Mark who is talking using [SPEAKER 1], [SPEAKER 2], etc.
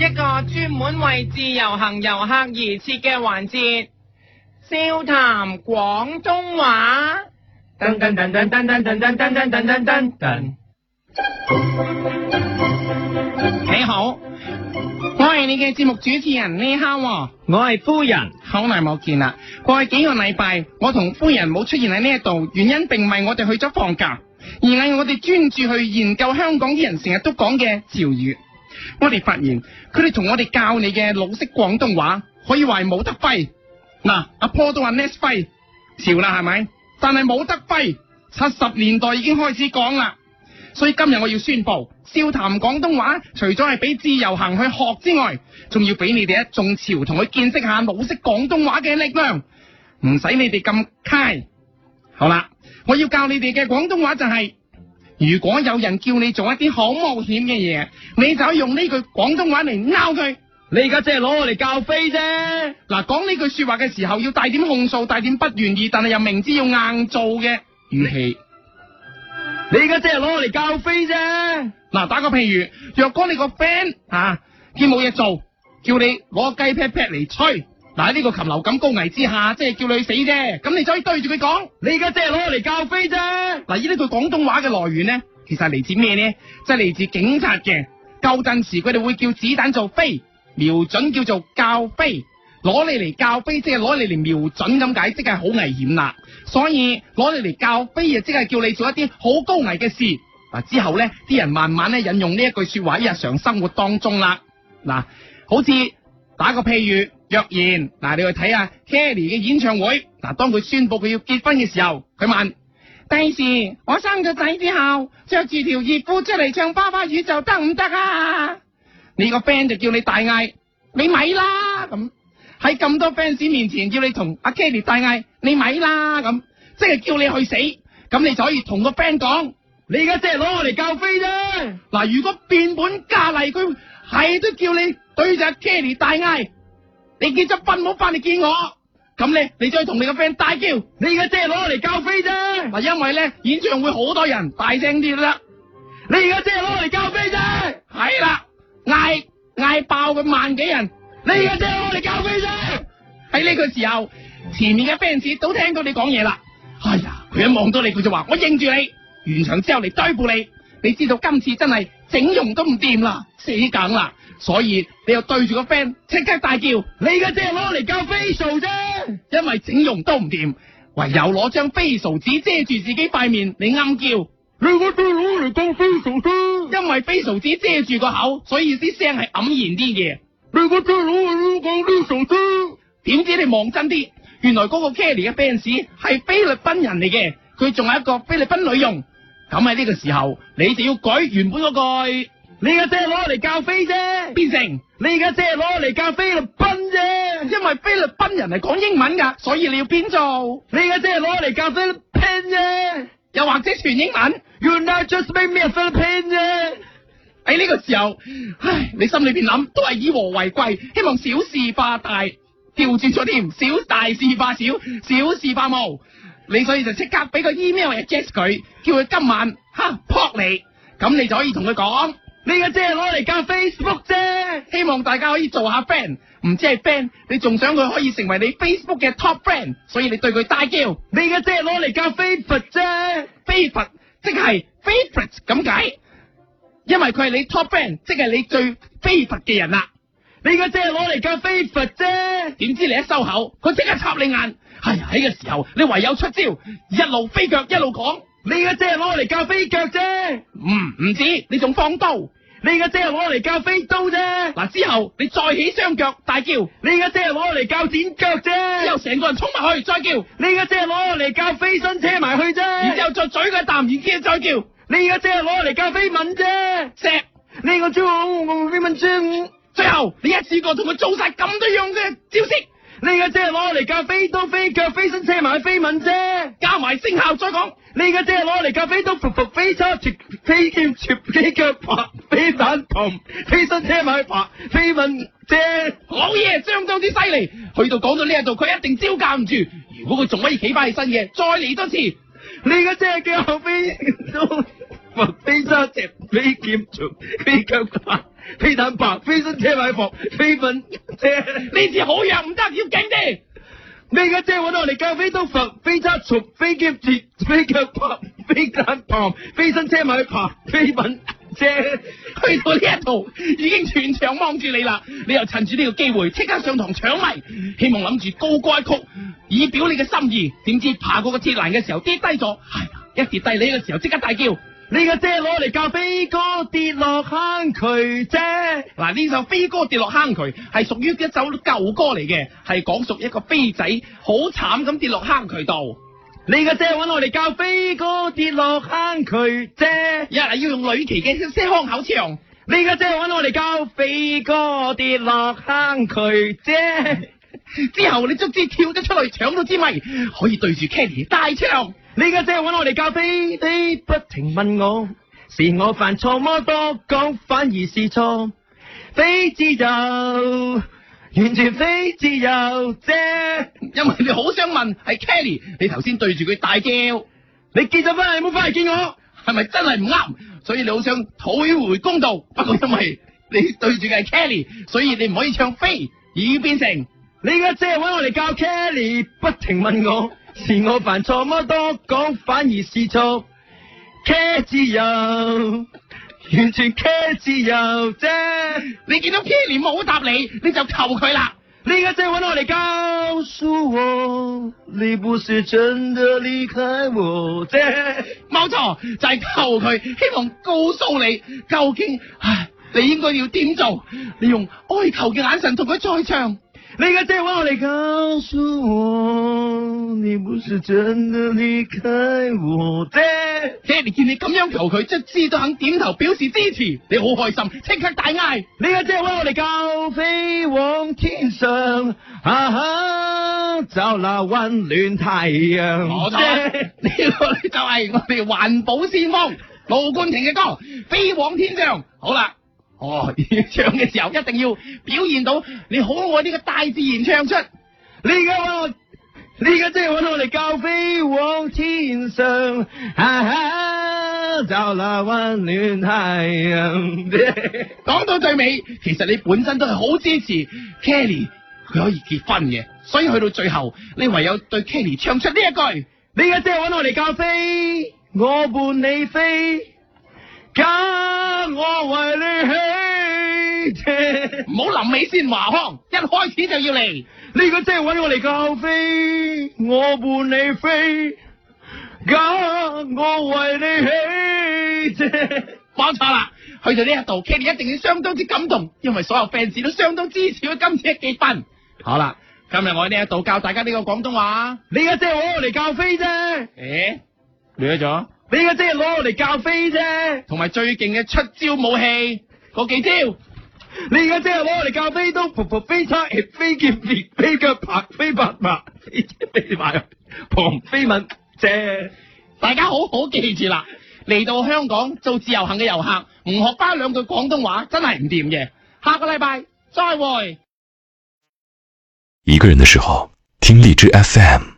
[SPEAKER 1] 一個專門為自由行遊客而設嘅環節，笑談廣東話。噔噔噔噔噔噔噔噔噔噔噔噔。你好，我係你嘅節目主持人呢刻，我係夫人，好耐冇見啦。過去幾個禮拜，我同夫人冇出現喺呢一度，原因並唔係我哋去咗放假，而係我哋專注去研究香港啲人成日都講嘅潮語。我哋發現佢哋同我哋教你嘅老式廣東話，可以話冇得揮。嗱、啊，阿婆都話 n 叻揮，潮啦係咪？但係冇得揮，七十年代已經開始講啦。所以今日我要宣布，笑談廣東話，除咗係俾自由行去學之外，仲要俾你哋一眾潮同佢見識下老式廣東話嘅力量，唔使你哋咁揩。好啦，我要教你哋嘅廣東話就係，是。如果有人叫你做一啲好冒險嘅嘢，你就可以用呢句廣東話嚟拗佢。你而家只係攞我嚟教飛啫。嗱，講呢句說話嘅時候，要帶點控訴，帶點不願意，但係又明知要硬做嘅語氣。 你而家只係攞我嚟教飛啫。嗱，打個譬如，若果你個 friend 啊，佢冇嘢做，叫你攞雞劈劈嚟吹。嗱，呢個禽流感高危之下，即係叫你死啫。咁你就可以對住佢講，你而家即係攞嚟教飛啫。嗱，呢呢句廣東話嘅來源呢，其實嚟自咩呢？即係嚟自警察嘅。舊陣時佢哋會叫子彈做飛，瞄準叫做教飛，攞你嚟教飛，即係攞你嚟瞄準咁解，即係好危險啦。所以攞你嚟教飛，即係叫你做一啲好高危嘅事。嗱，之後呢啲人慢慢咧引用呢一句說話喺日常生活當中啦。嗱，好似打個譬如。若然嗱，你去睇下 Kelly 嘅演唱會。嗱，當佢宣布佢要結婚嘅時候，佢問：第時我生咗仔之後，着住條熱褲出嚟唱《花花宇宙》得唔得啊？你個 friend 就叫你大嗌，你咪啦咁喺咁多 fans 面前叫你同阿 Kelly 大嗌，你咪啦咁，即係叫你去死。咁你就可以同個 friend 講，你而家即係攞我嚟救飛啫。嗱、嗯，如果變本加厲，佢係都叫你對住阿 Kelly 大嗌。你結咗婚唔好翻嚟見我，咁咧你，你再同你個 friend 大叫，你而家即係攞嚟交飛啫。嗱，因為咧演唱會好多人大聲啲啦，你而家即係攞嚟交飛啫。係啦，嗌嗌爆佢萬幾人，你而家即係攞嚟交飛啫。喺呢個時候，前面嘅 fans 都聽到你講嘢啦。哎呀，佢一望到你，佢就話我認住你。完場之後嚟對付你，你知道今次真係。整容都唔掂啦，死梗啦！所以你又對住個 friend，即刻大叫：你嘅即攞嚟救 facial 啫！因為整容都唔掂，唯有攞張 facial 紙遮住自己塊面，你啱叫：你我即係攞嚟救 facial 啫！因為 facial 紙遮住個口，所以啲聲係黯然啲嘅。你我即係攞嚟救 facial 啫！點知你望真啲，原來嗰個 Kenny 嘅 fans 係菲律賓人嚟嘅，佢仲係一個菲律賓女傭。咁喺呢個時候，你就要改原本嗰句，你而家即係攞嚟教菲啫、賓，變成你而家即係攞嚟教菲律賓啫。因為菲律賓人係講英文噶，所以你要變做？你而家即係攞嚟教菲律賓啫，又或者全英文。You just make me a 菲律賓啫。喺呢個時候，唉，你心裏邊諗都係以和為貴，希望小事化大，調轉咗添，小大事化小，小、小事化無。你所以就即刻俾個 email 或者 jazz 佢，叫佢今晚吓扑你。咁你就可以同佢講，你個姐攞嚟架 Facebook 啫，希望大家可以做下 friend，唔止係 friend，你仲想佢可以成為你 Facebook 嘅 top friend，所以你對佢大叫：你「你個姐攞嚟架飛佛啫，飛佛即係 favorite 咁解，因為佢係你 top friend，即係你最飛佛嘅人啦，你個姐攞嚟架飛佛啫，點知你一收口，佢即刻插你眼。係喺個時候，你唯有出招，一路飛腳一路講，你嘅啫係攞嚟教飛腳啫。唔唔、嗯、止，你仲放刀，你嘅啫係攞嚟教飛刀啫。嗱之後你再起雙腳大叫，你嘅啫係攞嚟教剪腳啫。之後成個人衝埋去再叫，你嘅啫係攞嚟教飛身車埋去啫。然之後再嘴佢啖，然之後再叫，你嘅啫係攞嚟教飛吻啫。石，呢個招好，我飛吻招。最後你一次過同佢做晒咁多樣嘅招式。呢個姐係攞嚟架飛刀飛腳飛身車埋去飛吻啫，加埋聲效再講。呢個姐係攞嚟架飛刀伏伏飛叉直飛劍鐵飛腳拍，飛彈同飛，飛，飛，飛，飛身車埋去拍。飛吻啫，好嘢，相當之犀利。去到講到呢一度，佢一定招架唔住。如果佢仲可以企翻起身嘅，再嚟多次。呢個姐係叫飛，飛刀伏飛叉直飛劍鐵飛腳飛彈炮、飛身車埋伏、飛品車，呢次 好樣唔得要勁啲。 你，姐姐我你家姐搵到嚟教飛刀、佛飛叉、蟲飛劍、絕飛腳炮、飛彈炮、飛身車埋去爬、飛品車， 去到呢一度已經全場望住你啦。你又趁住呢個機會即刻上堂搶位，希望諗住高歌一曲以表你嘅心意。點知爬過個鐵欄嘅時候跌低咗，一跌低你嘅時候即刻大叫。你個姐攞嚟教飛哥跌落坑渠啫！嗱，呢首飛哥跌落坑渠係屬於一首舊歌嚟嘅，係講述一個飛仔好慘咁跌落坑渠度。你個姐揾我嚟教飛哥跌落坑渠啫，一係要用女騎嘅聲腔口唱。你個姐揾我嚟教飛哥跌落坑渠啫， 之後你卒之跳咗出嚟搶到支咪，可以對住 Kenny 大唱。你家姐揾我哋教飛，你不停問我，是我犯錯麼？多講反而是錯，非自由，完全非自由啫。因為你好想問係 Kelly，你頭先對住佢大叫，你記咗翻嚟冇翻嚟見我，係咪真係唔啱？所以你好想討回公道。不過因為你對住嘅係 Kelly，所以你唔可以唱飛，而已經變成你家姐揾我哋教 Kelly，不停問我。是我犯錯麼？多講反而係錯，care 自由，完全 care 自由啫。你見到 P 連冇答你，你就求佢啦。你而家即係揾我嚟告訴我，你不是真的離開我啫。冇錯，就係、是、求佢，希望告訴你究竟唉你應該要點做。你用哀求嘅眼神同佢再唱。你嘅姐話我嚟，告訴我，你不是真的離開我啫。爹哋見你咁樣求佢，卒之都肯點頭表示支持，你好開心，即刻大嗌。你嘅姐話我嚟教 飛往天上，啊哈，找那温暖太陽。姐 我知呢個就係我哋環保先鋒盧冠廷嘅歌《飛往天上》好。好啦。哦，要唱嘅時候一定要表現到你好愛呢個大自然，唱出你呢個而家即係搵我嚟教飛往天上，哈哈，就那温暖太陽。講 到最尾，其實你本身都係好支持 Kelly，佢可以結婚嘅，所以去到最後，你唯有對 Kelly 唱出呢一句，你而家即係搵我嚟教飛，我伴你飛。加我為你起，唔好臨尾先話康，一開始就要嚟。呢個即係搵我嚟教飛，我伴你飛。加我為你起，包插啦。去到呢一度，Kitty 一定要相當之感動，因為所有 fans 都相當支持佢今次嘅結婚。好啦，今日我喺呢一度教大家呢個廣東話，嗯、你家姐係搵我嚟教飛啫。誒、欸，亂咗。你而家即係攞我嚟教飛啫，同埋 最勁嘅出招武器嗰幾招。你而家即係攞我嚟教飛都撲撲飛叉、飛劍、飛腳拍、飛白麻、飛飛埋、狂飛吻啫。大家好好記住啦！嚟到香港做自由行嘅遊客，唔學翻兩句廣東話真係唔掂嘅。下個禮拜再會。一個人嘅時候，聽荔枝 FM。